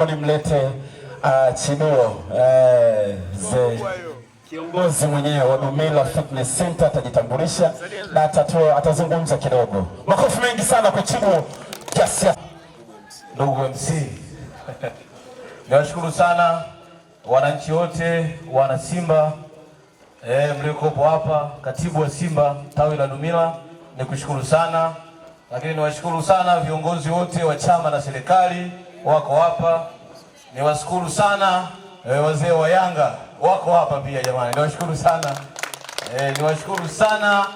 naomba nimlete uh, Chiduo eh, uh, kiongozi mwenyewe wa Dumila Fitness Center atajitambulisha na atatoa atazungumza kidogo. Makofi mengi sana kwa Chiduo ya Ndugu MC, Nashukuru sana wananchi wote wana Simba e, mliokopo hapa, katibu wa Simba tawi la Dumila nikushukuru sana, lakini niwashukuru sana viongozi wote wa chama na serikali wako hapa, niwashukuru sana e, wazee wa Yanga wako hapa pia jamani, niwashukuru sana e, niwashukuru sana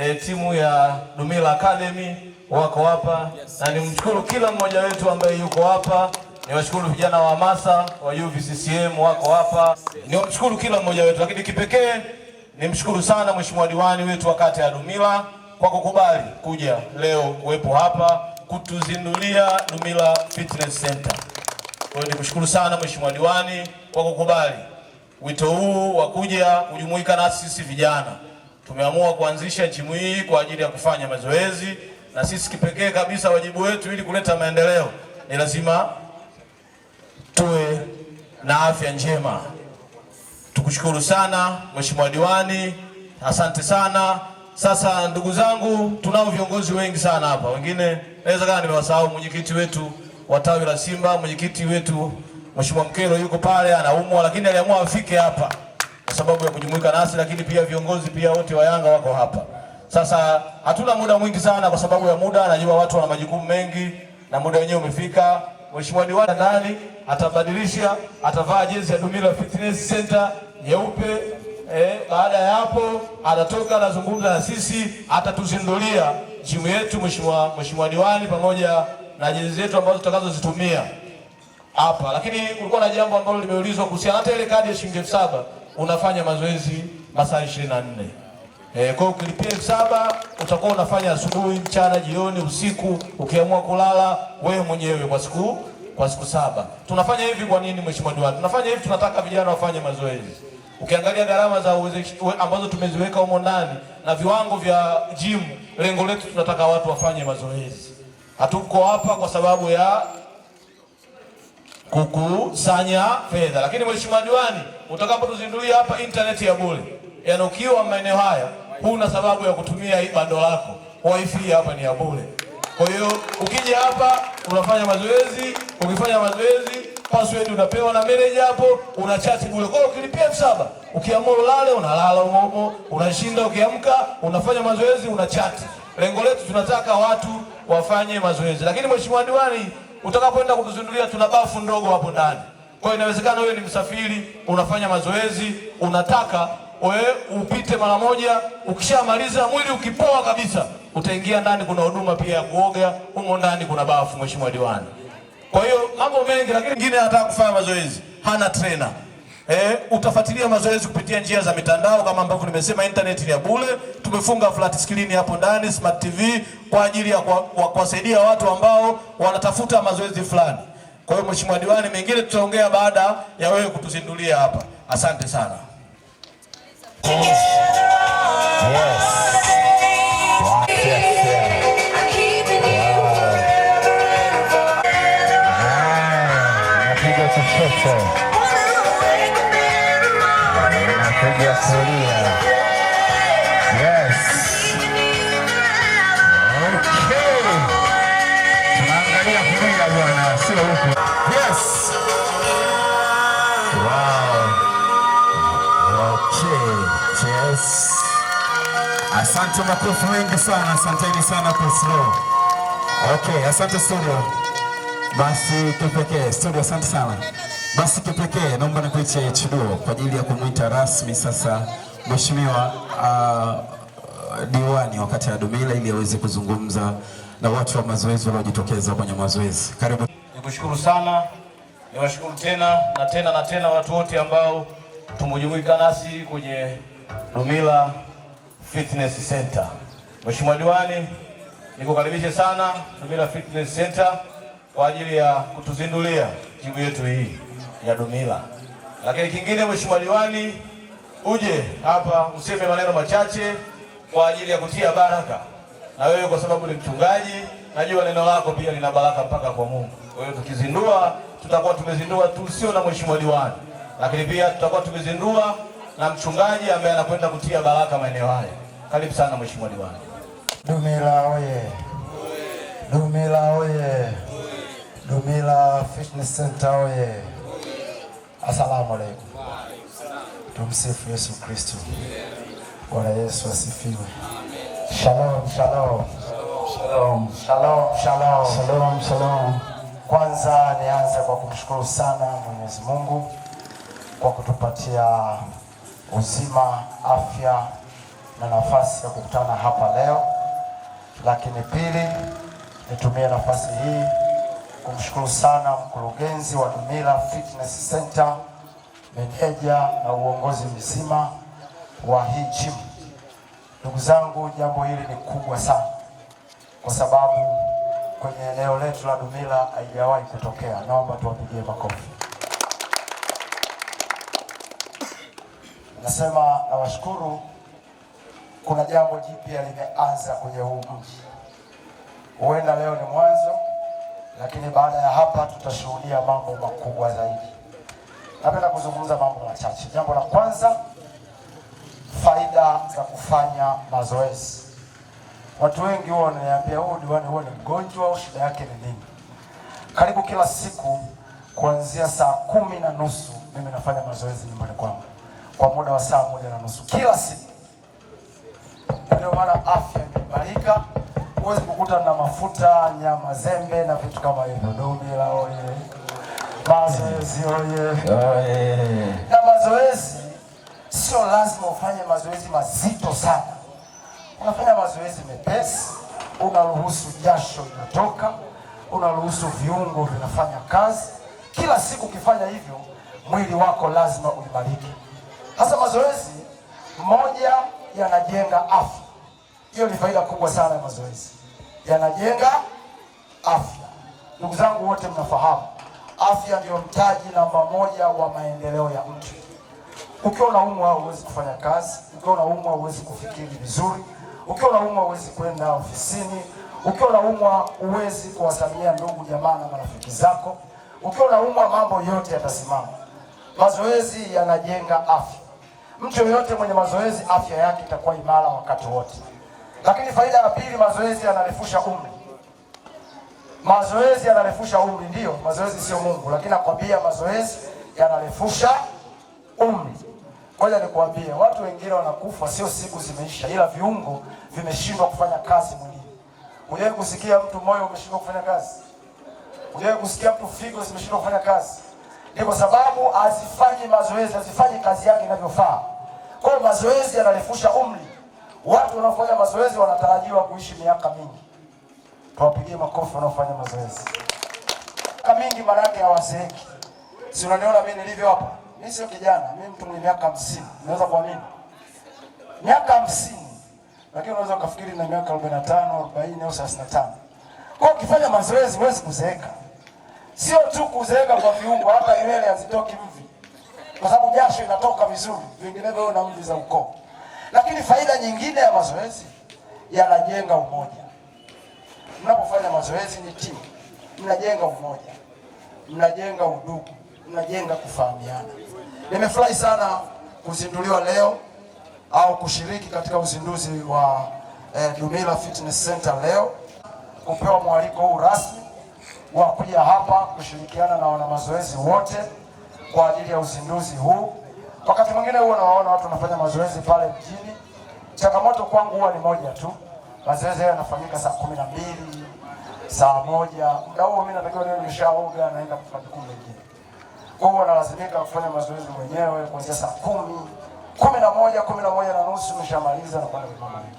e, timu ya Dumila Academy wako hapa na nimshukuru kila mmoja wetu ambaye yuko hapa. Niwashukuru vijana wa hamasa wa UVCCM wako hapa, niwashukuru kila mmoja wetu, lakini kipekee nimshukuru sana mheshimiwa diwani wetu wa kata ya Dumila kwa kukubali kuja leo kuwepo hapa kutuzindulia Numila Fitness Center. Kwa hiyo nikushukuru sana Mheshimiwa Diwani kwa kukubali wito huu wa kuja kujumuika na sisi vijana. Tumeamua kuanzisha timu hii kwa ajili ya kufanya mazoezi, na sisi kipekee kabisa wajibu wetu ili kuleta maendeleo ni lazima tuwe na afya njema. Tukushukuru sana Mheshimiwa Diwani, asante sana. Sasa ndugu zangu, tunao viongozi wengi sana hapa, wengine naweza kama nimewasahau. Mwenyekiti wetu wa tawi la Simba, mwenyekiti wetu Mheshimiwa mkero yuko pale anaumwa, lakini aliamua afike hapa kwa sababu ya kujumuika nasi, lakini pia viongozi pia wote wa Yanga wako hapa. Sasa hatuna muda mwingi sana kwa sababu ya muda, najua watu wana majukumu mengi na muda wenyewe umefika. Mheshimiwa diwani atabadilisha, atavaa jezi ya Dumila Fitness Center nyeupe eh, baada ya hapo atatoka anazungumza na sisi, atatuzindulia jimu yetu, mheshimiwa mheshimiwa diwani, pamoja na jezi zetu ambazo tutakazozitumia hapa. Lakini kulikuwa na jambo ambalo limeulizwa kuhusiana hata ile kadi ya shilingi elfu saba unafanya mazoezi masaa 24. Eh, kwa ukilipia elfu saba utakuwa unafanya asubuhi, mchana, jioni, usiku, ukiamua kulala wewe mwenyewe kwa siku kwa siku saba. Tunafanya hivi kwa nini mheshimiwa diwani? Tunafanya hivi tunataka vijana wafanye mazoezi. Ukiangalia gharama za ambazo tumeziweka humo ndani na viwango vya jimu, lengo letu tunataka watu wafanye mazoezi. Hatuko hapa kwa sababu ya kukusanya fedha, lakini mheshimiwa diwani, utakapotuzindulia hapa intaneti ya bure, yaani ukiwa maeneo haya huna sababu ya kutumia bando lako, wifi hapa ni ya bure. Kwa hiyo ukija hapa unafanya mazoezi, ukifanya mazoezi password unapewa na meneja hapo, unachati kule. Kwa hiyo ukilipia elfu saba ukiamua ulale unalala umo, unashinda, ukiamka unafanya mazoezi unachati. Lengo letu tunataka watu wafanye mazoezi, lakini mheshimiwa diwani, utakapoenda kutuzindulia, tuna bafu ndogo hapo ndani. Kwa hiyo inawezekana wewe ni msafiri, unafanya mazoezi, unataka wewe upite mara moja, ukishamaliza mwili ukipoa kabisa, utaingia ndani, kuna huduma pia ya kuoga humo ndani, kuna bafu mheshimiwa diwani. Kwa hiyo mambo mengi, lakini mwingine anataka kufanya mazoezi hana trainer. Eh, utafuatilia mazoezi kupitia njia za mitandao kama ambavyo nimesema, internet ya bure. Tumefunga flat screen hapo ndani, smart TV kwa ajili ya kuwasaidia kwa, watu ambao wanatafuta mazoezi fulani. Kwa hiyo Mheshimiwa Diwani, mengine tutaongea baada ya wewe kutuzindulia hapa. Asante sana. Yes. Yes. piga suria. Yes. Okay. Tunaangalia kulia bwana, sio huko. Yes. Wow. Okay. Yes. Asante, makofi mengi sana, asanteni sana kwa slow. Okay, asante studio. Basi kipekee studio, asante sana. Basi kipekee naomba nikuite Chiduo kwa ajili ya kumwita rasmi sasa mheshimiwa uh, diwani wakati ya Dumila ili aweze kuzungumza na watu wa mazoezi waliojitokeza kwenye mazoezi. Karibu. Nikushukuru sana, niwashukuru tena na tena na tena watu wote ambao tumejumuika nasi kwenye Dumila Fitness Center. Mheshimiwa diwani, nikukaribishe sana Dumila Fitness Center kwa ajili ya kutuzindulia jimu yetu hii ya Dumila. Lakini kingine, mheshimiwa diwani, uje hapa useme maneno machache kwa ajili ya kutia baraka, na wewe kwa sababu ni mchungaji, najua neno lako pia lina baraka mpaka kwa Mungu. Kwa hiyo tukizindua, tutakuwa tumezindua tu sio na mheshimiwa diwani, lakini pia tutakuwa tumezindua na mchungaji ambaye anakwenda kutia baraka maeneo haya. Karibu sana mheshimiwa diwani. Dumila oye! Dumila oye! Dumila Fitness Center oye! Asalamu alaikum. Tumsifu Yesu Kristo. Bwana Yesu asifiwe. Shalom, shalom. Shalom, shalom, shalom. Shalom, shalom. Kwanza nianze kwa kumshukuru sana Mwenyezi Mungu kwa kutupatia uzima, afya na nafasi ya kukutana hapa leo, lakini pili nitumie nafasi hii kumshukuru sana mkurugenzi wa Dumila Fitness Center, meneja na uongozi mzima wa hii gym. Ndugu zangu, jambo hili ni kubwa sana, kwa sababu kwenye eneo letu la Dumila haijawahi kutokea. Naomba tuwapigie makofi. Nasema nawashukuru, kuna jambo jipya limeanza kwenye huu mji. Huenda leo ni mwanzo lakini baada ya hapa tutashuhudia mambo makubwa zaidi. Napenda kuzungumza mambo machache. Jambo la kwanza, faida za kufanya mazoezi. Watu wengi huwa wananiambia huu oh, diwani huwa ni mgonjwa au shida yake ni nini? Karibu kila siku kuanzia saa kumi na nusu mimi nafanya mazoezi nyumbani kwangu kwa muda wa saa moja na nusu kila siku. Ndio maana afya imeimarika huwezi kukuta na mafuta, nyama zembe na vitu kama hivyo. Dumila oye, mazoezi oye, Na mazoezi sio lazima ufanye mazoezi mazito sana, unafanya mazoezi mepesi, unaruhusu jasho linatoka, unaruhusu viungo vinafanya kazi. Kila siku ukifanya hivyo, mwili wako lazima uimarike. Hasa mazoezi moja yanajenga afya hiyo ni faida kubwa sana ya mazoezi, yanajenga afya. Ndugu zangu wote, mnafahamu afya ndiyo mtaji namba moja wa maendeleo ya mtu. Ukiwa unaumwa huwezi kufanya kazi, ukiwa unaumwa huwezi kufikiri vizuri, ukiwa unaumwa huwezi kwenda ofisini, ukiwa unaumwa huwezi kuwasalimia ndugu jamaa na marafiki zako, ukiwa unaumwa mambo yote yatasimama. Mazoezi yanajenga afya. Mtu yoyote mwenye mazoezi afya yake itakuwa imara wakati wote. Lakini faida ya pili, mazoezi yanarefusha umri. Mazoezi yanarefusha umri, ndio mazoezi sio Mungu, lakini nakwambia mazoezi yanarefusha umri. Ngoja nikwambie, watu wengine wanakufa sio siku zimeisha, ila viungo vimeshindwa kufanya kazi mwilini. Hujawahi kusikia mtu moyo umeshindwa kufanya kazi? Hujawahi kusikia mtu figo zimeshindwa kufanya kazi? Ni kwa sababu hazifanyi mazoezi, hazifanyi kazi yake inavyofaa. Kwa hiyo mazoezi yanarefusha umri. Watu wanaofanya mazoezi wanatarajiwa kuishi miaka mingi. Tuwapigie makofi wanaofanya mazoezi. Miaka mingi maana yake hawazeeki. Si unaniona mimi nilivyo hapa? Mimi sio kijana, mimi mtu mwenye miaka 50. Unaweza kuamini? Miaka 50. Lakini unaweza kufikiri na miaka 45, 40 au 35. Kwa ukifanya mazoezi huwezi kuzeeka. Sio tu kuzeeka kwa viungo, hata nywele hazitoki mvi. Kwa sababu jasho inatoka vizuri, vinginevyo na mvi za ukoo. Lakini faida nyingine ya mazoezi, yanajenga umoja. Mnapofanya mazoezi ni timu, mnajenga umoja, mnajenga udugu, mnajenga kufahamiana. Nimefurahi sana kuzinduliwa leo au kushiriki katika uzinduzi wa eh, Dumila Fitness Center leo, kupewa mwaliko huu rasmi wa kuja hapa kushirikiana na wanamazoezi wote kwa ajili ya uzinduzi huu. Wakati mwingine huwa nawaona watu wanafanya mazoezi pale mjini. Changamoto kwangu huwa ni moja tu, mazoezi hayo yanafanyika saa kumi na mbili saa moja muda huo mimi natakiwa niwe nimeshaoga naenda kwa majukumu mengine. Kwa hiyo nalazimika kufanya mazoezi mwenyewe kuanzia saa kumi kumi na moja kumi na moja na nusu nimeshamaliza na kwenda kwa mengine,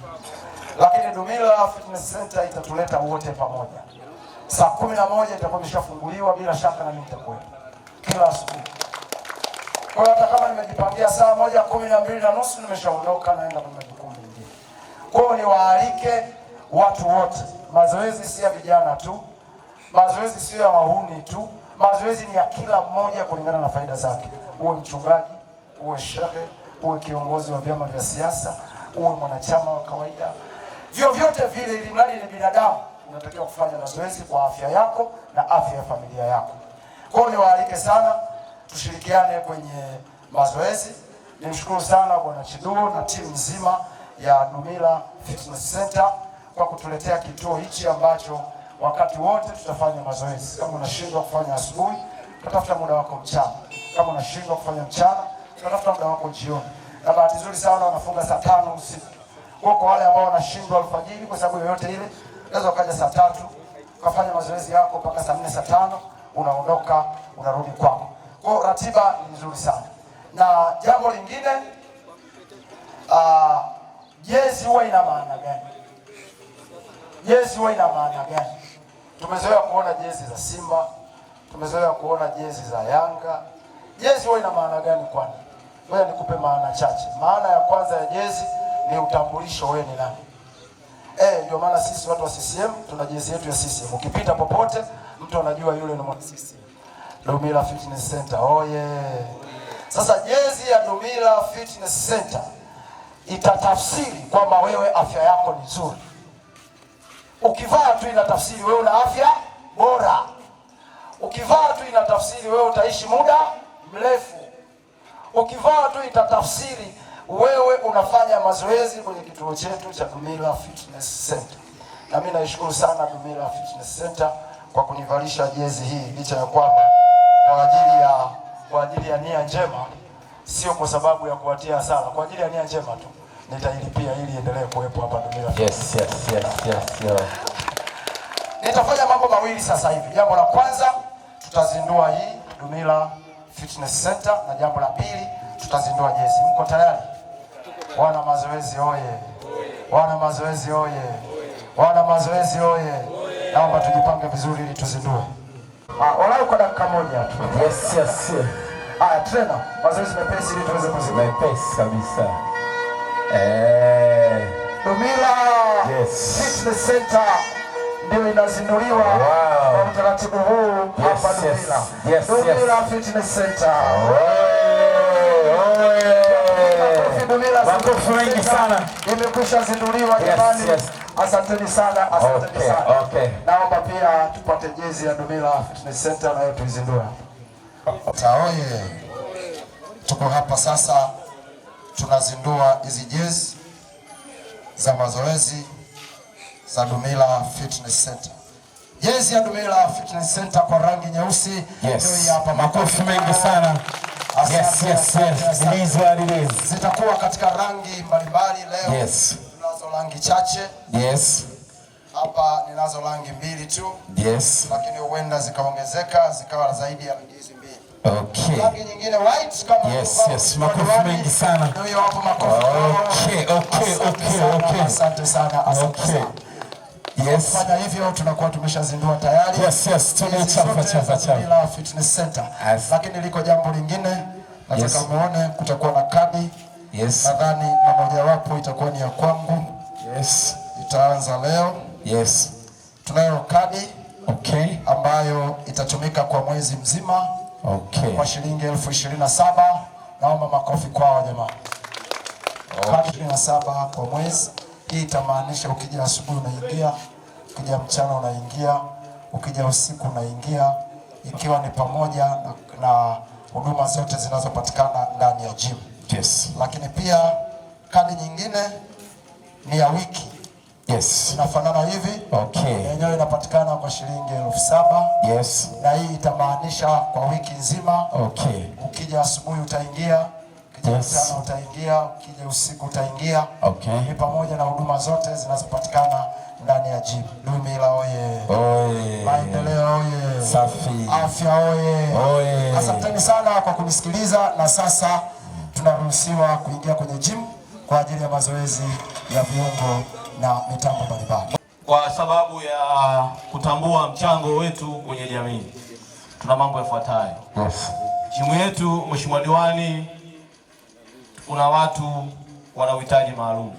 lakini Dumila Fitness Center itatuleta wote pamoja. Saa kumi na moja itakuwa imeshafunguliwa, bila shaka na mimi nitakuwepo kila asubuhi. Kwa hiyo hata kama nimejipangia saa moja kumi na mbili na nusu nimeshaondoka naenda kwenye majukumu mengine. Kwa hiyo niwaalike watu wote, mazoezi si ya vijana tu, mazoezi sio ya wahuni tu, mazoezi ni ya kila mmoja kulingana na faida zake. Uwe mchungaji, uwe shehe, uwe kiongozi wa vyama vya siasa, uwe mwanachama wa kawaida, vyovyote vile, ili mradi ni binadamu, unatakiwa kufanya mazoezi kwa afya yako na afya ya familia yako. Kwa hiyo niwaalike sana tushirikiane kwenye mazoezi. Nimshukuru sana Bwana Chiduo na timu nzima ya Dumila Fitness Center kwa kutuletea kituo hichi ambacho wakati wote tutafanya mazoezi. Kama unashindwa kufanya asubuhi, tutatafuta muda wako mchana. Kama unashindwa kufanya mchana, tutatafuta muda wako jioni. Na bahati nzuri sana wanafunga saa tano usiku. Kwa kwa wale ambao wanashindwa alfajiri kwa sababu yoyote ile, unaweza ukaja saa tatu ukafanya mazoezi yako mpaka saa nne saa tano unaondoka unarudi kwako. Kwa ratiba ni nzuri sana, na jambo lingine uh, jezi huwa ina maana gani? Jezi huwa ina maana gani? Tumezoea kuona jezi za Simba, tumezoea kuona jezi za Yanga. Jezi huwa ina maana gani kwani? Wewe nikupe maana chache. Maana ya kwanza ya jezi ni utambulisho, wewe ni nani? Eh, ndio maana sisi watu wa CCM tuna jezi yetu ya CCM. Ukipita popote mtu anajua yule ni mwana CCM. Dumila Fitness Center oh, yeah. Sasa jezi ya Dumila Fitness Center itatafsiri kwamba wewe afya yako ni nzuri. Ukivaa tu inatafsiri wewe una afya bora. Ukivaa tu inatafsiri wewe utaishi muda mrefu. Ukivaa tu itatafsiri wewe unafanya mazoezi kwenye kituo chetu cha Dumila Fitness Center. Na mimi naishukuru sana Dumila Fitness Center kwa kunivalisha jezi hii licha ya kwamba kwa ajili ya kwa ajili ya nia njema, sio kwa sababu ya kuwatia hasara, kwa ajili ya nia njema tu nitailipia ili iendelee kuwepo hapa duniani. Yes, yes, yes, yes, yes. Nitafanya mambo mawili sasa hivi. Jambo la kwanza tutazindua hii Dumila Fitness Center na jambo la pili tutazindua jezi. Mko tayari? Wana mazoezi oye! Wana mazoezi oye! Wana mazoezi oye! Naomba tujipange vizuri ili tuzindue. Ah, walau kwa dakika moja tu. Yes, yes. Haya, trainer, mazoezi mepesi ili tuweze kuzima. Mepesi kabisa. Eh. Dumila Yes. Fitness Center ndio inazinduliwa kwa utaratibu huu hapa Dumila. Yes, yes. Dumila Fitness Center. Makofi mengi sana. Imekwisha zinduliwa jamani. Yes, yes. Asanteni sana, asanteni okay, sana. Okay. Naomba pia tupate jezi ya Dumila Fitness Center nayo tuizindua. Taoye. Tuko hapa sasa tunazindua hizi jezi za mazoezi za Dumila Fitness Center. Jezi ya Dumila Fitness Center kwa rangi nyeusi ndio hapa. Makofi mengi sana. Yes, yes, yes. It is what it Zitakuwa katika rangi mbalimbali leo. Yes rangi chache. Yes. Hapa ninazo rangi mbili tu. Yes. Lakini huenda zikaongezeka zikawa zaidi ya rangi hizi mbili. Okay. Rangi nyingine white kama Yes, yes. Makofi mengi sana. Ndio hapo makofi. Okay, okay, okay, okay. Asante sana. Asante okay. sana. Yes. Fanya hivyo tunakuwa tumeshazindua tayari. Yes, yes. Tunachafa chafa chafa. Bila fitness center. Yes. Lakini liko jambo lingine nataka yes. muone kutakuwa na kadi. Yes. Nadhani mmoja wapo itakuwa ni ya kwangu. Yes. Itaanza leo. Yes. Tunayo kadi okay, ambayo itatumika kwa mwezi mzima okay, kwa shilingi elfu ishirini na saba. Naomba makofi kwao jamaa. Kadi ishirini na saba kwa mwezi. Hii itamaanisha ukija asubuhi unaingia, ukija mchana unaingia, ukija usiku unaingia, ikiwa ni pamoja na, na huduma zote zinazopatikana ndani ya gym. Yes. Lakini pia kadi nyingine ni ya wiki Yes. Inafanana hivi okay. Yenyewe inapatikana kwa shilingi elfu saba yes. Na hii itamaanisha kwa wiki nzima okay. Ukija asubuhi utaingia, ukija yes. utaingia, ukija usiku utaingia okay. Ni pamoja na huduma zote zinazopatikana ndani ya gym. Dumila oye, oye. Maendeleo oye. Safi. Afya oye, oye. Asanteni sana kwa kunisikiliza na sasa tunaruhusiwa kuingia kwenye gym kwa ajili ya mazoezi ya viungo na mitambo mbalimbali, kwa sababu ya kutambua mchango wetu kwenye jamii. Tuna mambo yafuatayo yes. yetu Mheshimiwa Diwani, kuna watu wana uhitaji maalum,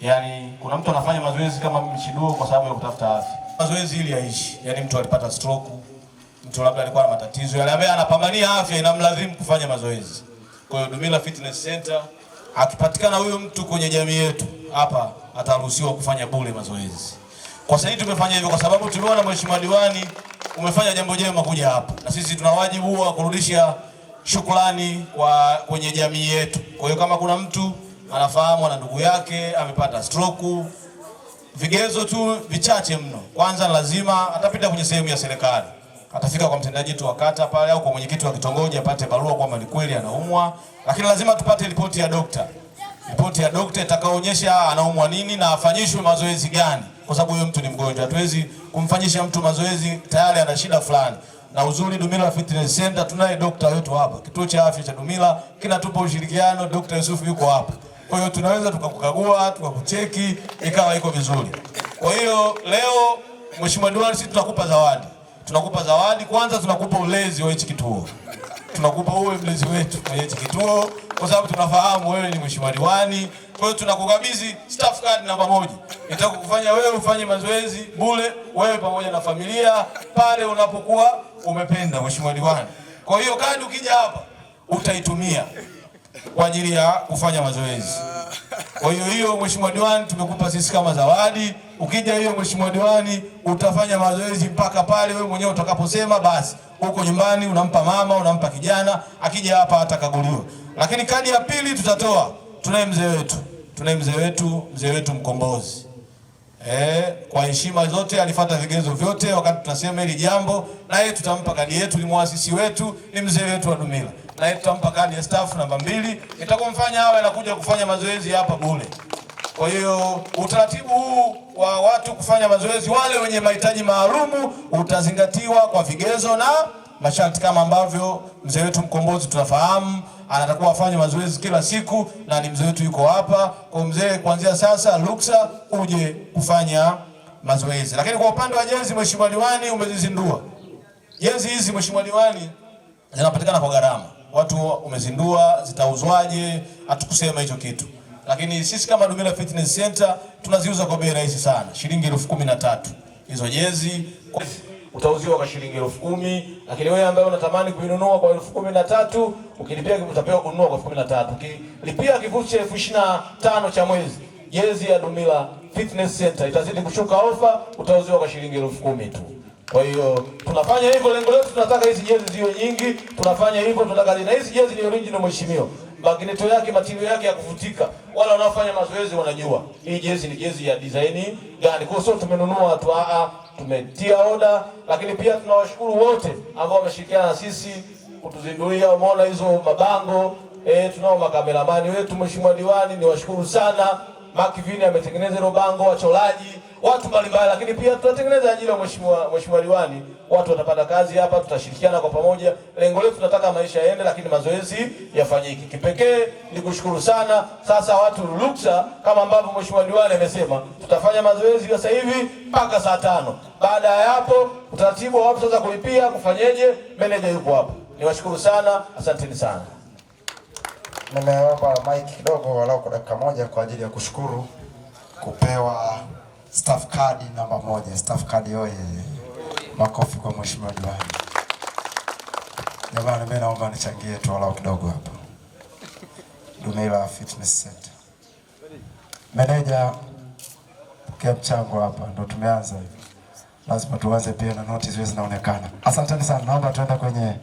yaani kuna mtu anafanya mazoezi kama mchiduo kwa sababu ya kutafuta afya, mazoezi ili yaishi, yaani mtu alipata stroke, mtu labda alikuwa na matatizo yale ambaye anapambania afya inamlazimu kufanya mazoezi. Kwa hiyo Dumila Fitness Center Akipatikana huyo mtu kwenye jamii yetu hapa, ataruhusiwa kufanya bure mazoezi. Kwa sasa tumefanya hivyo kwa sababu tumeona mheshimiwa diwani umefanya jambo jema kuja hapa, na sisi tuna wajibu wa kurudisha shukrani kwa kwenye jamii yetu. Kwa hiyo kama kuna mtu anafahamu na ndugu yake amepata stroke, vigezo tu vichache mno. Kwanza lazima atapita kwenye sehemu ya serikali atafika kwa mtendaji wetu wa kata pale au kwa mwenyekiti wa kitongoji apate barua kwamba ni kweli anaumwa, lakini lazima tupate ripoti ya dokta, ripoti ya dokta itakaoonyesha anaumwa nini na afanyishwe mazoezi gani, kwa sababu huyo mtu ni mgonjwa. Hatuwezi kumfanyisha mtu mazoezi tayari ana shida fulani. Na uzuri Dumila Fitness Center tunaye dokta wetu hapa, kituo cha afya cha Dumila kinatupa ushirikiano. Dokta Yusuf yuko hapa, kwa hiyo tunaweza tukakukagua tukakucheki ikawa iko vizuri. Kwa hiyo leo, Mheshimiwa Diwani, sisi tutakupa zawadi tunakupa zawadi kwanza, tunakupa ulezi wa hichi kituo, tunakupa uwe mlezi wetu wa hichi kituo, kwa sababu tunafahamu wewe ni mheshimiwa diwani. Kwa hiyo tunakukabidhi staff card namba moja, itakufanya wewe ufanye mazoezi bure, wewe pamoja na familia pale unapokuwa umependa, mheshimiwa diwani. Kwa hiyo kadi ukija hapa utaitumia kwa ajili ya kufanya mazoezi. Kwa hiyo hiyo, mheshimiwa diwani, tumekupa sisi kama zawadi. Ukija hiyo, mheshimiwa diwani, utafanya mazoezi mpaka pale wewe mwenyewe utakaposema basi. Huko nyumbani unampa mama, unampa kijana, akija hapa atakaguliwa. Lakini kadi ya pili tutatoa, tunaye mzee wetu, tunaye mzee wetu, mzee wetu mkombozi eh, kwa heshima zote alifata vigezo vyote wakati tunasema hili jambo, na yeye tutampa kadi yetu, ni muasisi wetu, ni mzee wetu wa Dumila, na yeye tutampa kadi ya staff namba mbili itakomfanya awe anakuja kufanya mazoezi hapa bure. Kwa hiyo utaratibu huu wa watu kufanya mazoezi wale wenye mahitaji maalumu utazingatiwa kwa vigezo na masharti kama ambavyo mzee wetu mkombozi tunafahamu anatakuwa afanye mazoezi kila siku, na ni mzee wetu yuko hapa. Kwa mzee, kuanzia sasa ruksa uje kufanya mazoezi. Lakini kwa upande wa jezi, mheshimiwa diwani, umezizindua jezi hizi, mheshimiwa diwani, zinapatikana kwa gharama. Watu umezindua zitauzwaje? Hatukusema hicho kitu, lakini sisi kama Dumila Fitness Center tunaziuza kwa bei rahisi sana, shilingi elfu kumi na tatu hizo jezi kwa utauziwa kwa shilingi elfu kumi lakini wewe ambaye unatamani kuinunua kwa elfu kumi na tatu ukilipia utapewa kununua kwa elfu kumi na tatu ukilipia kifurushi cha elfu ishirini na tano cha mwezi jezi ya Dumila Fitness Center itazidi kushuka ofa, utauziwa kwa shilingi elfu kumi tu. Kwa hiyo tunafanya hivyo, lengo letu tunataka hizi jezi ziwe nyingi, tunafanya hivyo, tunataka na hizi jezi ni original mheshimiwa magneto yake matirio yake ya kuvutika. Wala wanaofanya mazoezi wanajua hii jezi ni jezi ya design gani. Kwa hiyo tumenunua tu, a tumetia oda, lakini pia tunawashukuru wote ambao wameshirikiana na sisi kutuzindulia. Umeona hizo mabango eh, tunao makameramani wetu, mheshimiwa diwani, niwashukuru sana. Makivini ametengeneza hilo bango, wacholaji watu mbalimbali, lakini pia tutatengeneza ajira. Mheshimiwa Mheshimiwa Diwani, watu watapata kazi hapa, tutashirikiana kwa pamoja. Lengo letu tunataka maisha yaende, lakini mazoezi yafanyike. Kipekee ni kushukuru sana. Sasa watu ruksa, kama ambavyo Mheshimiwa Diwani amesema, tutafanya mazoezi sasa hivi mpaka saa tano. Baada ya hapo, utaratibu wa watu sasa kulipia kufanyeje, meneja yuko hapo. Niwashukuru sana, asanteni sana. Nimeomba mike kidogo, walau kwa dakika moja, kwa ajili ya kushukuru kupewa Staff card namba moja. Staff card yoye! Eh, makofi kwa mheshimiwa diwani. Jamani, mimi naomba nichangie tu walau kidogo hapa. Dumila Fitness Center. Meneja, pokea mchango hapa, ndo tumeanza hivi. Lazima tuanze pia na notice zinaonekana. Asanteni sana, naomba tuenda kwenye